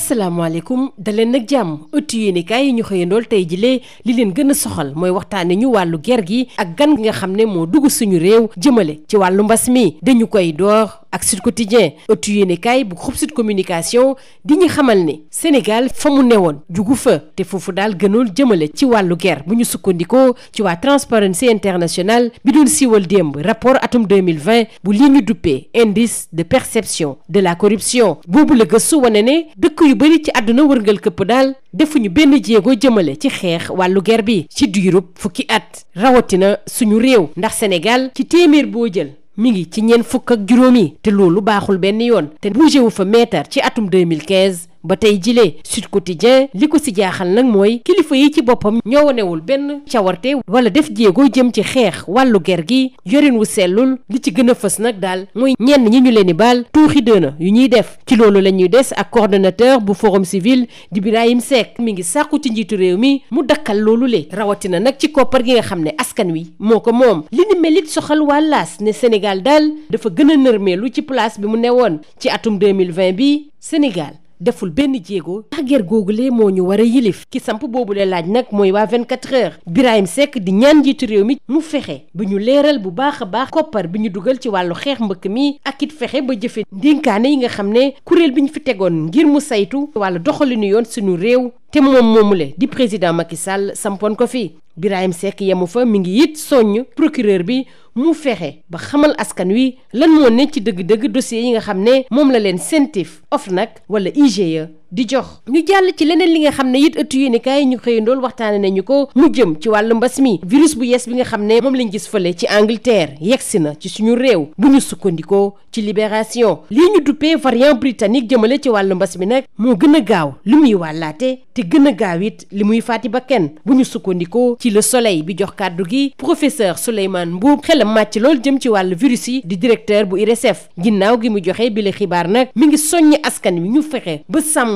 asalaamaaleykum daleen nag jàmm ëttu yéenekaay yi ñu xëyandool tey jilee li leen gën a soxal mooy waxtaane ñu wàllu ger gi ak gan gi nga xam ne moo dugg suñu réew jëmale ci wàllu mbas mi dañu koy door ak Sud Quotidien ëttu yéenekaay bu groupe Sud Communication di ñu xamal ne Sénégal fa mu newoon jugu fa te foofu daal gënool jëmale ci wàllu guerre bu ñu sukkandikoo ci waa Transparency International bi doon siiwal démb rapport atum 2020 bu li ñu duppee indice de perception de la corruption boobu la gëstu wane ne dëkk yu bari ci àdduna wërngal këpp daal defuñu benn jéego jëmale ci xeex wàllu guerre bi ci diirub fukki at rawatina suñu réew ndax Sénégal ci téeméer boo jël mi ngi ci ñeent fukk ak juróom yi te loolu baaxul benn yoon te bougé wu fa meetar ci atum 2015 ba tey jilee Sud Quotidien li ko si jaaxal nag mooy kilifa yi ci boppam ñoo wonewul benn cawarte wala def jéego jëm ci xeex wàllu ger gi yorin wu sellul li ci gën a fës nag daal mooy ñenn ñi ñu leen di baal tuuxi dëna yu ñuy def ci loolu la ñuy des ak coordonnateur bu forum civil di Birahim seek mi ngi sàkku ci njiitu réew mi mu dakkal loolu le rawatina nag ci koppar gi nga xam ne askan wi moo ko moom li ni melit soxal waa laas ne Sénégal daal dafa gën a nërmeelu ci place bi mu newoon ci atum 2020 bi Sénégal deful benn jéego ndax ger googule moo ñu war a yilif ki samp boobule laaj nag mooy waa 24 heures Birahim Seck di ñaan njiitu réew mi mu fexe ba ñu leeral bu baax a baax koppar bi ñu dugal ci wàllu xeex mbëkk mi ak it fexe ba jëfe ndénkaane yi nga xam ne kuréel bi ñu fi tegoon ngir mu saytu wàllu doxalinu yoon suñu réew te moom moomule di président Macky Sall sampoon ko fii Birahim Seck yemu fa mu ngi it soññ procureur bi mu fexe ba xamal askan wi lan moo ne ci dëgg-dëgg dossier yi nga xam ne moom la leen CENTIF OFNAC wala IGE di jox ñu jàll ci leneen li nga xam ne it ëttu yéenekaay yi ñu xëyandool waxtaane nañu ko mu jëm ci wàllu mbas mi virus bu yees bi nga xam ne moom lañ gis fële ci Angleterre yegsi na ci suñu réew bu ñu sukkandikoo ci libération lii ñu duppee variant britannique jëmale ci wàllu mbas mi nag moo gën a gaaw li muy wàllaate te gën a gaaw it li muy fàtti ba kenn bu ñu sukkandikoo ci le soleil bi jox kàddu gi professeur Souleymane Mbuub xelam màcc loolu jëm ci wàllu virus yi di directeur bu IRESSEF ginnaaw gi mu joxe bi xibaar nag mi ngi soññ askan wi ñu fexe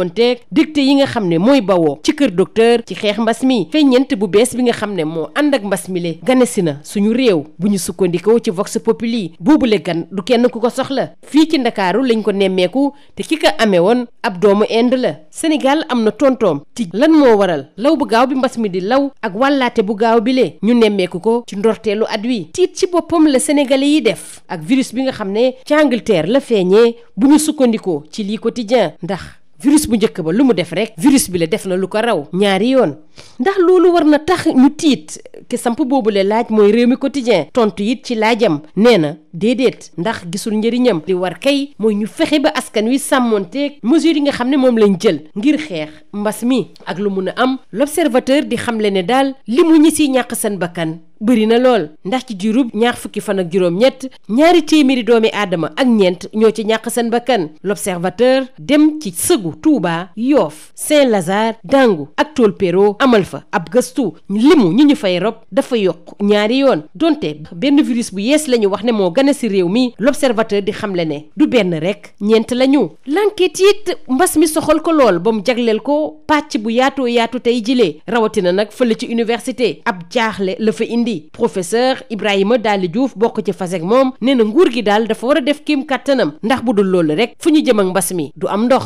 sàmmonteeg dicté yi nga xam ne mooy bawoo ci kër docteur ci xeex mbas mi feññeent bu bees bi nga xam ne moo ànd ak mbas mi le ganesi na suñu réew bu ñu sukkandikoo ci vox populi boobule gan du kenn ku ko soxla fii ci ndakaaru lañ ko nemmeeku te ki ko amee woon ab doomu Inde la Sénégal am na tontoom ci lan moo waral law bu gaaw bi mbas mi di law ak wàllaate bu gaaw bi le ñu nemmeeku ko ci ndorteelu at wi tiit ci boppam la sénégalais yi def ak virus bi nga xam ne ci Angleterre la feeñee bu ñu sukkandikoo ci lii quotidien virus bu njëkk ba lu mu def rek virus bi la def na lu ko raw ñaari yoon ndax loolu war na tax ñu tiit ki samp boobu boobule laaj mooy réew mi quotidien tontu it ci laajam nee na déedéet ndax gisul njëriñam li war kay mooy ñu fexe ba askan wi sàmmoon sàmmonteeg mesures yi nga xam ne moom lañ jël ngir xeex mbas mi ak lu mun a am l'observateur di xamle ne daal li mu ñi ci ñàkk seen bakkan bëri na lool ndax ci juróom ñaax fukki fan ak juróom-ñett ñaari téeméeri doomi aadama ak ñeent ñoo ci ñàkk seen bakkan l'observateur dem ci sëgu Touba Yoff Saint-Lazare ak Tolpero amal fa ab gëstu limu ñi ñu fay rob dafa yokk ñaari yoon donte benn virus bu yees la ñu wax ne moo gën a si réew mi l'observateur di xamle ne du benn rek ñeent lañu ñu l'enquête it mbas mi soxal ko lool ba mu jagleel ko pàcc bu yaatoo yaatu tey jilee rawatina nag fële ci université ab jaaxle la fa indi professeur Ibrahima Daly Diouf bokk ci fasek moom nee na nguur gi daal dafa war a def kiim kàttanam ndax bu dul loolu rek fu ñu jëm ak mbas mi du am ndox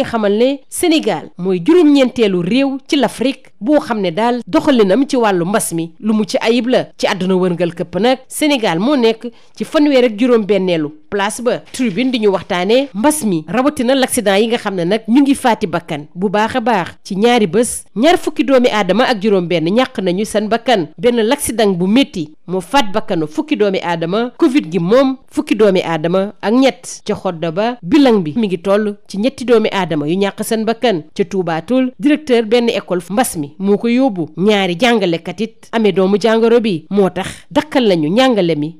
ñu xamal ne Sénégal mooy juróom-ñeenteelu réew ci l'Afrique boo xam ne daal doxalinam ci wàllu mbas mi lu mu ci ayib la ci àdduna wërngal këpp nag Sénégal moo nekk ci fanweer ak juróom-benneelu place ba tribune di ñu waxtaanee mbas mi rawatina l'accident yi nga xam ne nag ñu ngi fàtti bakkan bu baax a baax ci ñaari bés ñaar fukki doomi aadama ak juróom-benn ñàq nañu seen bakkan benn l'accident bu métti moo faat bakkanu fukki doomi aadama Covid gi moom fukki doomi aadama ak ñett ca xodda ba bilang bi mi ngi toll ci ñetti doomi aadama yu ñàq seen bakkan ca tuubaatul directeur benn école mbas mi moo ko yóbbu ñaari jàngalekat it amee doomu jàngoro bi moo tax dakkal lañu njàngale mi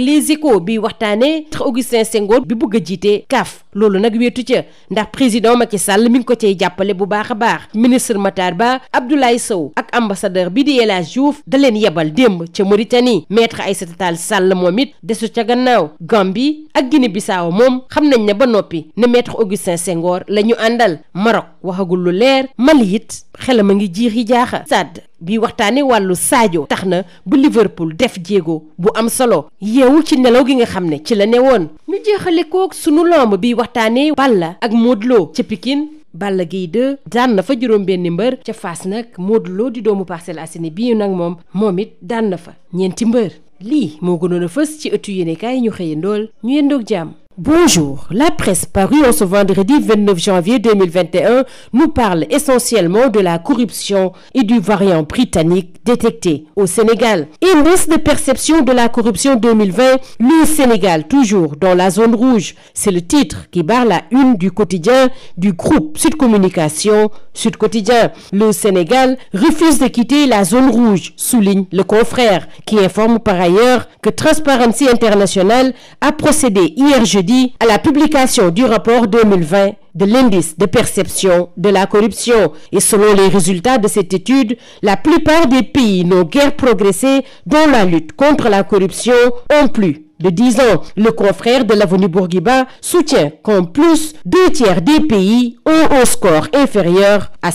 ak Les waxtaanee bi waxtaane Augustin Senghor bi bugg a jiite CAF loolu nag weetu ca ndax président Macky Sall mi ngi ko cay jàppale bu baax a baax ministre Matar Ba Abdoulaye Sow ak ambassadeur bi di El Hadj Diouf da leen yebal démb ca Mauritanie maître Aïssata Tall Sall moom it desu ca gannaaw Gambie ak Guinée-Bissau moom xam nañ ne ba noppi ne maître Augustin Senghor la ñu àndal Maroc waxagul lu leer Mali it xelam a ngi jiixi jaaxa Sadd bii waxtaanee wàllu Sadio tax na bu Liverpool def jéego bu am solo yeewul ci nelaw gi nga xam ne ci la ne woon ñu jeexale kook sunu lomb bi waxtaanee Balla ak Modou ca Pikine Balla Gaye 2 daan na fa juróom benn mbër ca fas nag Modou di doomu Parcelles Assainies bii nag moom moom it daan na fa ñeenti mbër lii moo gënoon a fës ci ëttu yéenekaay ñu xëyandool ñu yendoog jàmm Bonjour. La presse parue en ce vendredi 29 janvier 2021 nous parle essentiellement de la corruption et du variant britannique détecté au Sénégal. Indice de perception de la corruption 2020, le Sénégal toujours dans la zone rouge. C'est le titre qui barre la une du quotidien du groupe Sud Communication Sud Quotidien. Le Sénégal refuse de quitter la zone rouge, souligne le confrère, qui informe par ailleurs que Transparency International a procédé hier jeudi mercredi à la publication du rapport 2020 de l'indice de perception de la corruption. Et selon les résultats de cette étude, la plupart des pays n'ont guère progressé dans la lutte contre la corruption en plus de 10 ans. Le confrère de l'avenue Bourguiba soutient qu'en plus, deux tiers des pays ont un score inférieur à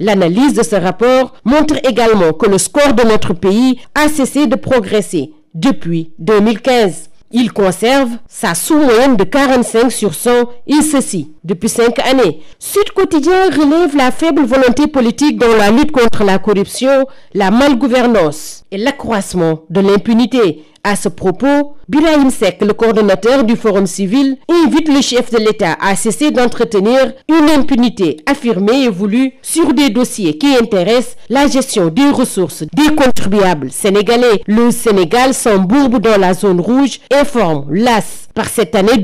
L'analyse de ce rapport montre également que le score de notre pays a cessé de progresser depuis 2015. Il conserve sa sous-moyenne de 45 sur 100 et ceci Depuis cinq années, Sud Quotidien relève la faible volonté politique dans la lutte contre la corruption, la malgouvernance et l'accroissement de l'impunité. À ce propos, Birahim Seck, le coordonnateur du Forum civil, invite le chef de l'État à cesser d'entretenir une impunité affirmée et voulue sur des dossiers qui intéressent la gestion des ressources des contribuables sénégalais. Le Sénégal s'embourbe dans la zone rouge, informe l'AS. Par cette année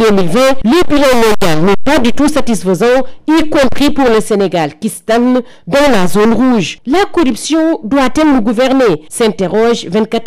nous satisfaisant, y compris pour le Sénégal qui stagne dans la zone rouge. La corruption doit-elle nous gouverner s'interroge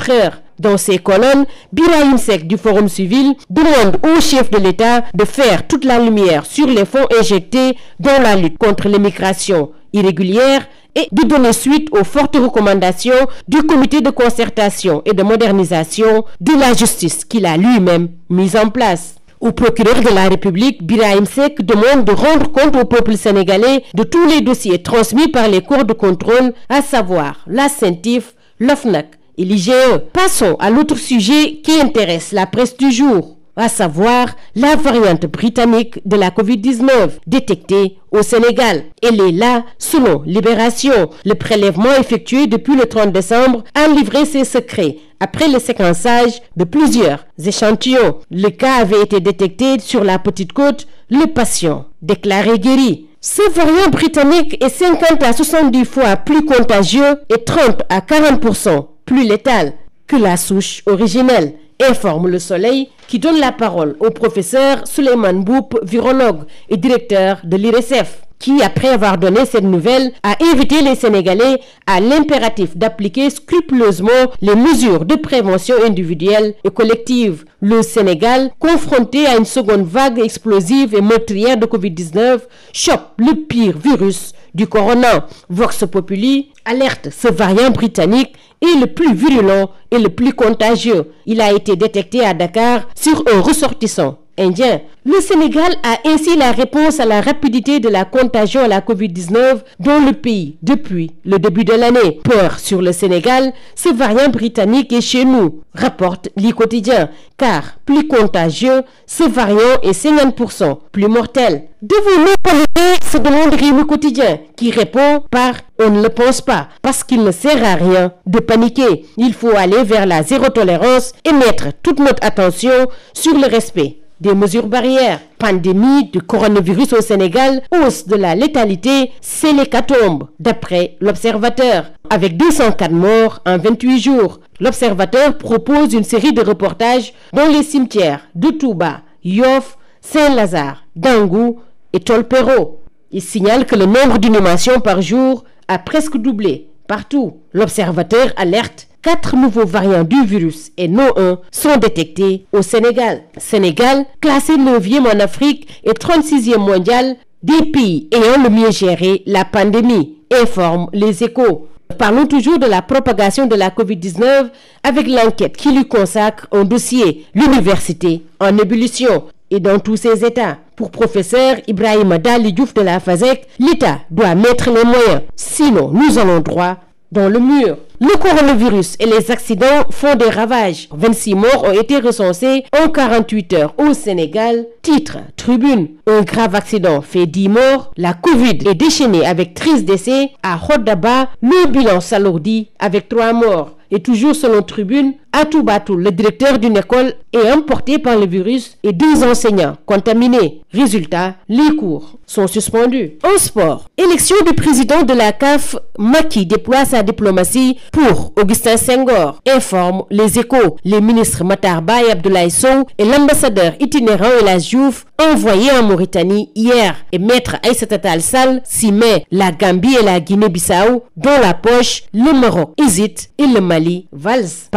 heures. Dans ces colonnes, Birahim Seck du Forum civil demande au chef de l'État de faire toute la lumière sur les fonds injectés dans la lutte contre l'immigration irrégulière et de donner suite aux fortes recommandations du comité de concertation et de modernisation de la justice qu'il a lui-même mise en place. Au procureur de la République, Birahim Seck demande de rendre compte au peuple sénégalais de tous les dossiers transmis par les corps de contrôle, à savoir la CENTIF, l'OFNAC et l'IGE. Passons à l'autre sujet qui intéresse la presse du jour. à savoir la variante britannique de la COVID-19 détectée au Sénégal. Elle est là, selon Libération. Le prélèvement effectué depuis le 30 décembre a livré ses secrets après le séquençage de plusieurs échantillons. Le cas avait été détecté sur la petite côte, le patient déclaré guéri. Ce variant britannique est 50 à 70 fois plus contagieux et 30 à 40% plus létal que la souche originelle. informe le Soleil qui donne la parole au professeur Souleymane Mboup, virologue et directeur de l'IRSF. qui, après avoir donné cette nouvelle, a invité les Sénégalais à l'impératif d'appliquer scrupuleusement les mesures de prévention individuelle et collective. Le Sénégal, confronté à une seconde vague explosive et meurtrière de Covid-19, chope le pire virus du corona. Vox Populi alerte ce variant britannique est le plus virulent et le plus contagieux. Il a été détecté à Dakar sur un ressortissant indien. Le Sénégal a ainsi la réponse à la rapidité de la contagion à la Covid-19 dans le pays depuis le début de l'année. Peur sur le Sénégal, ce variant britannique est chez nous, rapporte Le Quotidien, car plus contagieux, ce variant est plus mortel. Devons-nous parler se demande Rémi Quotidien, qui répond par on ne le pense pas, parce qu'il ne sert à rien de paniquer. Il faut aller vers la zéro tolérance et mettre toute notre attention sur le respect des mesures barrières. Pandémie du coronavirus au Sénégal, hausse de la létalité, c'est l'hécatombe, d'après l'Observateur, avec 204 morts en 28 jours. L'Observateur propose une série de reportages dans les cimetières de Touba, Yoff, Saint-Lazare, Dangou et Tolpero. Il signale que le nombre d'inhumations par jour a presque doublé partout. L'Observateur alerte quatre nouveaux variants du virus et non un sont détectés au Sénégal. Sénégal, classé 9 en Afrique et 36e mondial des pays ayant le géré la pandémie, informe les échos. Parlons toujours de la propagation de la COVID-19 avec l'enquête qui lui consacre un dossier, l'université en ébullition et dans tous ses états. Pour professeur Ibrahima Dali Diouf de la FASEC, l'État doit mettre les moyens, sinon nous allons droit dans le mur. Le coronavirus et les accidents font des ravages. 26 morts ont été recensés en 48 heures au Sénégal. Titre, tribune, un grave accident fait 10 morts. La Covid est déchaînée avec 13 décès à Rodaba. Le bilan s'alourdit avec 3 morts. Et toujours selon Tribune, À Toubatou, le directeur d'une école est emporté par le virus et deux enseignants contaminés. Résultat, les cours sont suspendus. En sport, élection du président de la CAF, Macky déploie sa diplomatie pour Augustin Senghor, informe les échos. Les ministres Matar Ba et Abdoulaye Sow et l'ambassadeur itinérant El Diouf envoyés en Mauritanie hier et maître Aïssata Tall s'y met. La Gambie et la Guinée-Bissau dans la poche, le Maroc hésite et le Mali valse.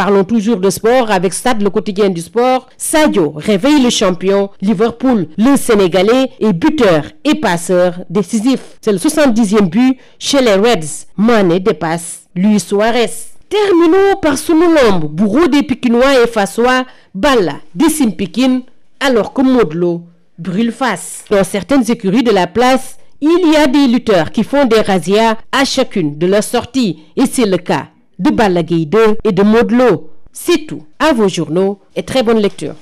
jour de sport avec Stade le quotidien du sport, Sadio réveille le champion, Liverpool, le Sénégalais est buteur et passeur décisif. C'est le 70e but chez les Reds. Mané dépasse Luis Suarez. Terminons par sunu lomb bourreau des Pikinois et Fassois, Balla décime Pikine alors que Modou brûle face. Dans certaines écuries de la place, il y a des lutteurs qui font des razzias à chacune de leurs sorties et c'est le cas de Balla et de Modou C'est tout. À vos journaux et très bonne lecture.